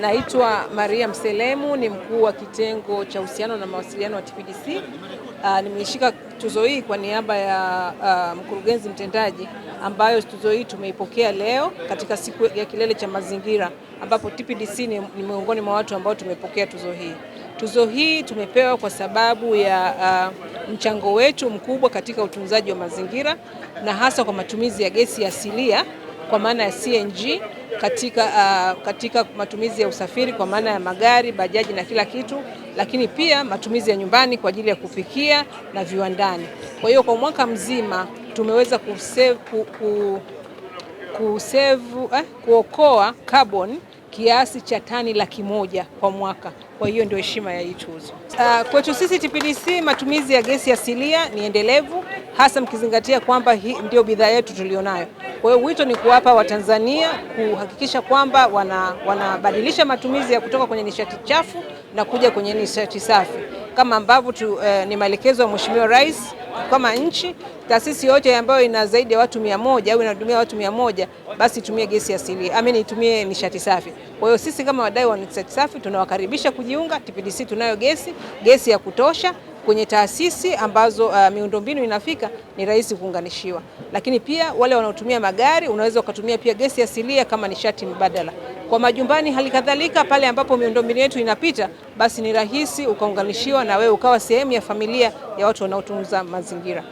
Naitwa Maria Mselemu, ni mkuu wa kitengo cha uhusiano na mawasiliano wa TPDC. Ah, nimeshika nimeishika tuzo hii kwa niaba ya a, ah, mkurugenzi mtendaji, ambayo tuzo hii tumeipokea leo katika siku ya kilele cha mazingira, ambapo TPDC ni, ni miongoni mwa watu ambao tumepokea tuzo hii. Tuzo hii tumepewa kwa sababu ya a, ah, mchango wetu mkubwa katika utunzaji wa mazingira na hasa kwa matumizi ya gesi asilia kwa maana ya CNG katika, uh, katika matumizi ya usafiri kwa maana ya magari, bajaji na kila kitu, lakini pia matumizi ya nyumbani kwa ajili ya kupikia na viwandani. Kwa hiyo kwa mwaka mzima tumeweza ku, ku, eh, kuokoa carbon kiasi cha tani laki moja kwa mwaka. Kwa hiyo ndio heshima ya hii tuzo. Uh, kwetu sisi TPDC matumizi ya gesi asilia ni endelevu hasa mkizingatia kwamba hii ndio bidhaa yetu tulionayo. Kwa hiyo wito ni kuwapa Watanzania kuhakikisha kwamba wanabadilisha wana matumizi ya kutoka kwenye nishati chafu na kuja kwenye nishati safi kama ambavyo tu, eh, ni maelekezo ya Mheshimiwa Rais. Kama nchi, taasisi yote ambayo ina zaidi ya watu mia moja au inahudumia watu mia moja basi itumie gesi asili, amini itumie nishati safi. Kwa hiyo sisi kama wadai wa nishati safi tunawakaribisha kujiunga TPDC. Tunayo gesi, gesi ya kutosha kwenye taasisi ambazo uh, miundombinu inafika ni rahisi kuunganishiwa, lakini pia wale wanaotumia magari unaweza ukatumia pia gesi asilia kama nishati mbadala kwa majumbani. Hali kadhalika pale ambapo miundombinu yetu inapita, basi ni rahisi ukaunganishiwa na wewe ukawa sehemu ya familia ya watu wanaotunza mazingira.